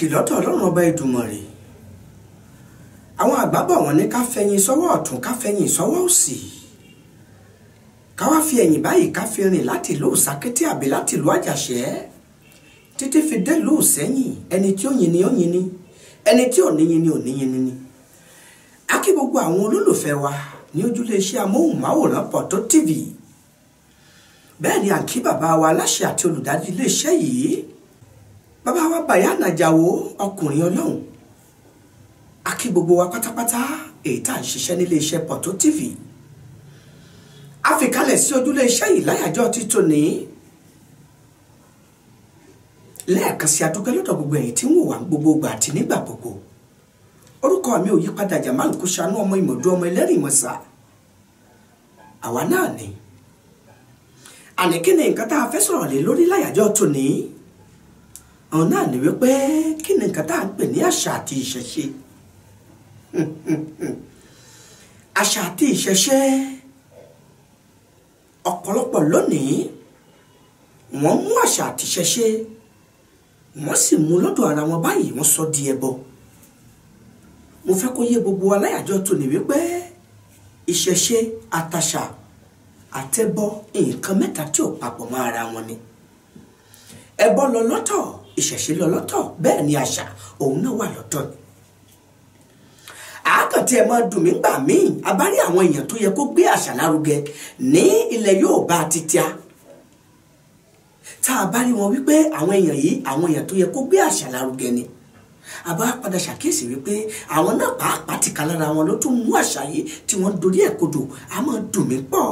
pàtàkì lọ́dọ̀ ọlọ́run ọba ìdùmọ̀rè àwọn àgbà bọ̀ wọ́n ní ká fẹ̀yìn sọ́wọ́ ọ̀tún ká fẹ̀yìn sọ́wọ́ òsì ká wá fi ẹ̀yìn báyìí ká fi rìn láti ìlú òsàkété àbí láti ìlú àjàṣẹ́ títí fi dé ìlú òsẹ́yìn ẹni tí ó yin ni ó yin ni ẹni tí ò níyin ni ò níyin ni ni a kí gbogbo àwọn olólùfẹ́ wa ní ojúlé iṣẹ́ amóhùnmáwòrán Porto TV bẹ́ẹ̀ ni à ń kí bàbá wa aláṣẹ àti olùdarí iléeṣẹ́ yìí bàbá wa Bayana Àjàó ọkùnrin ọlọ́run a kí gbogbo wa pátápátá èyí tá à ń ṣiṣẹ́ nílé iṣẹ́ Porto TV a fìkalẹ̀ sí ojúlé iṣẹ́ yìí láyàjọ́ ti tòní lẹ́ẹ̀kan sí adúgbẹ́ lọ́dọ̀ gbogbo ẹ̀yìn tí ń wò wá gbogbo gbà àti nígbà gbogbo orúkọ mi ò yí padà Jamal Kushanu ọmọ ìmọ̀dú ọmọ ẹlẹ́rìí mọ̀sá àwa náà ni àní kí ni nǹkan tá a fẹ́ sọ̀rọ̀ lé lórí láyàjọ́ tòní àwọn náà ní wípé kí ni nǹkan tá à ń pè ní àṣà àti ìṣẹ̀ṣe àṣà àti ìṣẹ̀ṣe ọ̀pọ̀lọpọ̀ lónìí wọ́n mú àṣà àti ìṣẹ̀ṣe wọ́n sì mú lọ́dọ̀ ara wọn báyìí wọ́n sọ di ẹbọ mo fẹ́ kó yé gbogbo aláyàjọ tó ní wípé ìṣẹ̀ṣe àtàṣà àtẹbọ nǹkan mẹ́ta tí ò papọ̀ mọ́ ara wọn ni ẹbọ lọ lọ́tọ̀ ìṣẹ̀ṣe lọ lọ́tọ̀ bẹ́ẹ̀ ni àṣà òun náà wà lọ́tọ̀ ni àákàntí ẹ máa dùn mí gbà míì abárí àwọn èèyàn tó yẹ kó gbé àṣà lárugẹ ní ilẹ̀ Yorùbá títíá tá a bá rí wọn wípé àwọn èèyàn yìí àwọn èèyàn tó yẹ kó gbé àṣà lárugẹ ni a bá padà ṣàkíyèsí wípé àwọn náà pàápàá tìka lára wọn ló tún mú àṣà yìí tí wọ́n dorí ẹ̀ kodò a máa dùn mí pọ̀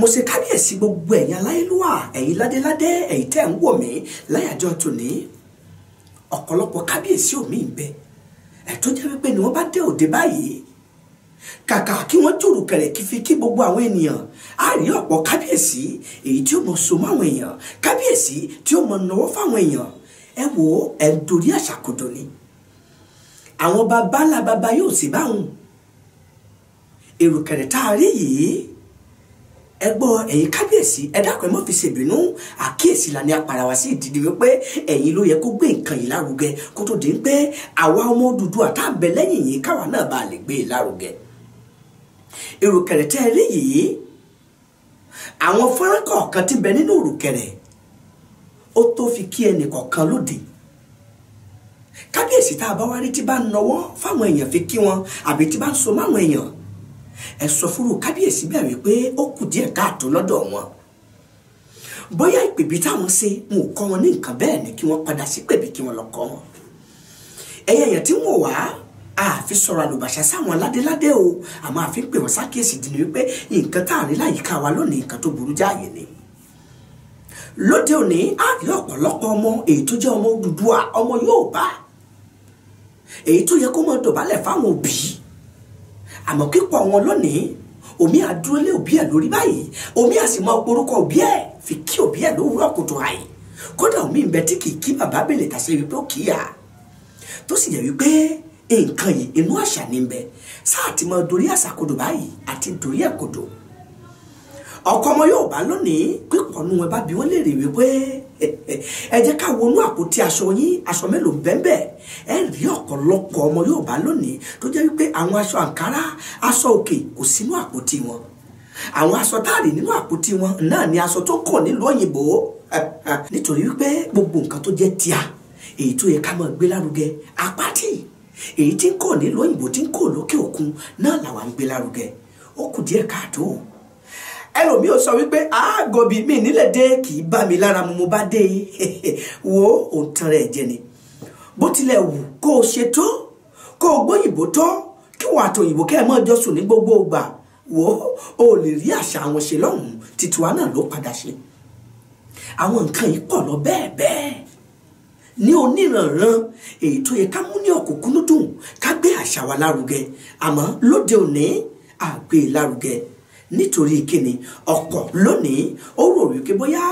mo ṣe kábíyèsí gbogbo ẹ̀yin aláìlúwà ẹ̀yin ládéládé ẹ̀yin tẹ́ ń wò mí láyàjọ́ tòní ọ̀pọ̀lọpọ̀ kábíyèsí òmí ń bẹ ẹ̀ jẹ́ wípé ni wọ́n bá dé òde báyìí kàkà kí wọ́n jòrò kẹ̀rẹ̀ kí fi kí gbogbo àwọn ènìyàn á rí ọ̀pọ̀ kábíyèsí èyí tí ó mọ so mọ́ àwọn èèyàn kábíyèsí tí ó mọ nọwọ́ fáwọn èèyàn ẹ wò ó ń dorí àṣà kodò ni àwọn baba ńlá baba yóò sì báwọn èrò kẹ̀rẹ̀ tá a rí yìí ẹ gbọ́ ẹ̀yin kábíyèsí ẹ dákun ẹ mọ́ fi ṣèbínú àkíyèsí la ní aparawa sí ìdíje wípé ẹ̀yin ló yẹ kó gbé nǹkan yìí lárugẹ kó tó di pé àwa ọmọ dúdú àtàbẹ̀ lẹ́yìn yìí káwa náà bá lè gbé e lárugẹ. èrò kẹrẹtẹ eléyìí àwọn fọ́nrán kọ̀ọ̀kan ti bẹ nínú òrùkẹrẹ ó tó fi kí ẹnì kọ̀ọ̀kan lóde kábíyèsí tá a bá wá rí tí bá ń nọwọ́ fáwọn ẹ sọ fúru kábíyèsí bẹ́ẹ̀ wípé ó kù díẹ̀ káàtó lọ́dọ̀ wọn bóyá ìpèbí táwọn ṣe ń kọ́ wọn ní nǹkan bẹ́ẹ̀ ni kí wọ́n padà sí pèbí kí wọ́n lọ kọ́ wọn ẹ̀yẹ èèyàn tí wọ́n wá àfi sọ̀rọ̀ àlùbàṣà sáwọn aládéládé o àmọ́ àfi pè wọ́n sákèsì dì ní wípé nǹkan tá à ní láyìíká wa lónìí nǹkan tó burú jáàyè ni lóde òní a rí ọ̀pọ̀lọpọ̀ ọmọ èyí tó jẹ́ ọmọ Odùduwà ọmọ Yorùbá èyí tó yẹ kó mọ dọ̀bálẹ̀ fáwọn òbí àmọ́ kíkọ wọn lónìí omi àdúró lé òbí ẹ̀ lórí báyìí omi àsì mọ orúkọ òbí ẹ̀ fi kí òbí ẹ̀ lówùúrọ̀ kùtù àì kódà omi ń bẹ tí kì í kí bàbá bèlè tàṣe wípé ó kíyà tó sì yẹ wípé nǹkan yìí inú àṣà ní bẹ sáà ti mọ dorí àṣà kodò báyìí àti dorí ẹ̀ kodò ọkọ ọmọ yóò bá lónìí pípọ̀ nù wọn bá bí wọ́n lè wípé ẹ jẹ́ ká wọnú àpótí aṣọ yín aṣọ mélòó bẹ́ẹ̀ ẹ rí ọ̀pọ̀lọpọ̀ ọmọ Yorùbá lónìí tó jẹ́ wípé àwọn aṣọ àǹkárá aṣọ òkè kò sínú àpótí wọn àwọn aṣọ táàrí nínú àpótí wọn náà ni aṣọ tó kọ̀ nílùú òyìnbó nítorí wípé gbogbo nǹkan tó jẹ́ tíà èyí tó yẹ ká máa gbé lárugẹ apátì èyí tí ń kọ̀ nílùú òyìnbó tí ń kọ̀ lókè òkun náà làwọn ń gbé lárugẹ ó kù díẹ̀ káàtó ẹlòmíì ò sọ wípé àgọ́bí ah, mi nílẹ̀ dé kì í bá mi lára mu mo bá dé wo òǹtan rẹ̀ jẹ ni bó tilẹ̀ wù kó o ṣe tó kó o gbóyìnbó tó kí wọ́n àtòyìnbó kẹ́ ẹ mọ́ ọjọ́ sùn ní gbogbo ìgbà wo o lè rí àṣà àwọn ṣe lọ́hùn-ún tìtùwá náà ló padà ṣe àwọn nǹkan yìí pọ̀ lọ bẹ́ẹ̀ bẹ́ẹ̀ ní oníranran èyí tó yẹ ká mú ní ọ̀kúnkúndùn ká gbé àṣà wa lárugẹ àmọ́ lóde òní àgbé e lárugẹ nítorí kíni ọ̀pọ̀ lónìí ó rò wípé bóyá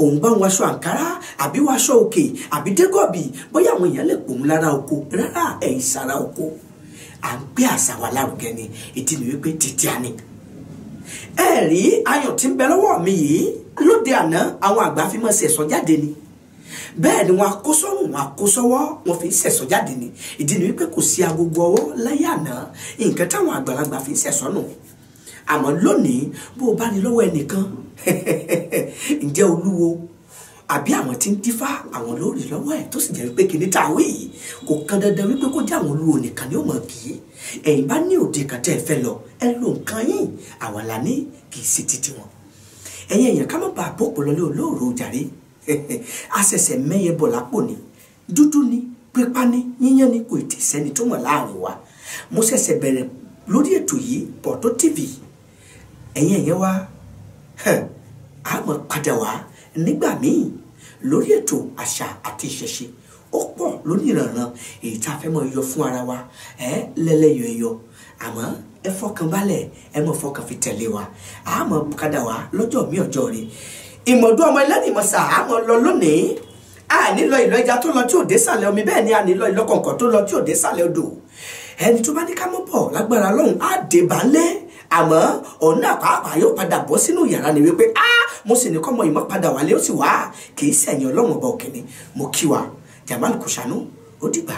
òun bá ń waṣọ àǹkárá àbí waṣọ òkè àbí dégọ́bì bóyá àwọn èèyàn lè pòun lára oko rárá ẹ̀yìn sára oko à ń gbé àṣà wa lárugẹ ni ìdí ni wípé títí a ni. ẹ rí ayọ̀ tí ń bẹ lọ́wọ́ mi yìí lóde àná àwọn àgbà fi máa ṣẹ̀sọ́ jáde ni bẹ́ẹ̀ ni wọn akó sọ́run wọn akó sọ́wọ́ wọn fi ń ṣẹ̀sọ́ jáde ni ìdí ni wípé kò sí agogo ọwọ́ láyé àná nǹkan táwọn àgbàlagbà fi ń ṣẹ̀sọ́ nù àmọ́ lónìí bó o bá ní lọ́wọ́ ẹnìkan ǹjẹ́ olúwo àbí àwọn tí ń dífá àwọn lórí lọ́wọ́ ẹ̀ tó sì jẹ́ wípé kìíní ta wí yìí kò kan dandan wípé kó jẹ́ àwọn olúwo nìkan ni ó mọ̀ kì í ẹ̀yin bá ní òde kan tẹ́ ẹ fẹ́ lọ ẹ lo nǹkan yín àwa la kì í ṣe títí wọn ẹ̀yin èèyàn ká má bàa bó pòlọ́lé olóòrò jàre àṣẹ̀ṣẹ̀ mẹ́yẹ bọ̀ lápò ni dúdú ni pípa ni yíyan ni kò ì tẹ̀sẹ́ni tó mọ̀ láàrin wa mo ṣẹ̀ṣẹ̀ bẹ̀rẹ̀ lórí ètò yìí Porto TV ẹ̀yin ẹ̀yẹ wá a máa padà wá nígbà míì lórí ètò àṣà àti ìṣẹ̀ṣe ó pọ̀ lónìí ìrànràn èyí tá a fẹ́ máa yọ fún ara wa ẹ lẹ́lẹ́yọ̀ ẹ̀yọ̀ àmọ́ ẹ fọkàn balẹ̀ ẹ mọ̀ fọkàn fi tẹ̀lé wa a máa padà wá lọ́jọ́ mi ọjọ́ rẹ̀ ìmọ̀dún ọmọ ẹlẹ́nìmọ̀sà a máa lọ lónìí a nílò ìlọ ẹja tó lọ tí ò dé sàlẹ̀ omi bẹ́ẹ̀ ni a nílò ìlọ kọ̀ọ̀kan tó lọ tí ò dé sàlẹ̀ odò ẹni tó bá ní ká mọ́ bọ̀ lágbára lọ́hùn á dé bá lẹ́ àmọ́ òun náà pàápàá yóò padà bọ́ sínú yàrá ni wípé a mo sì ní kọ́mọ ìmọ̀ padà wálé ó sì wá kì í sẹ̀yìn ọlọ́run ọba òkè mi mo kí wa Jamal Kushanu ó dìgbà.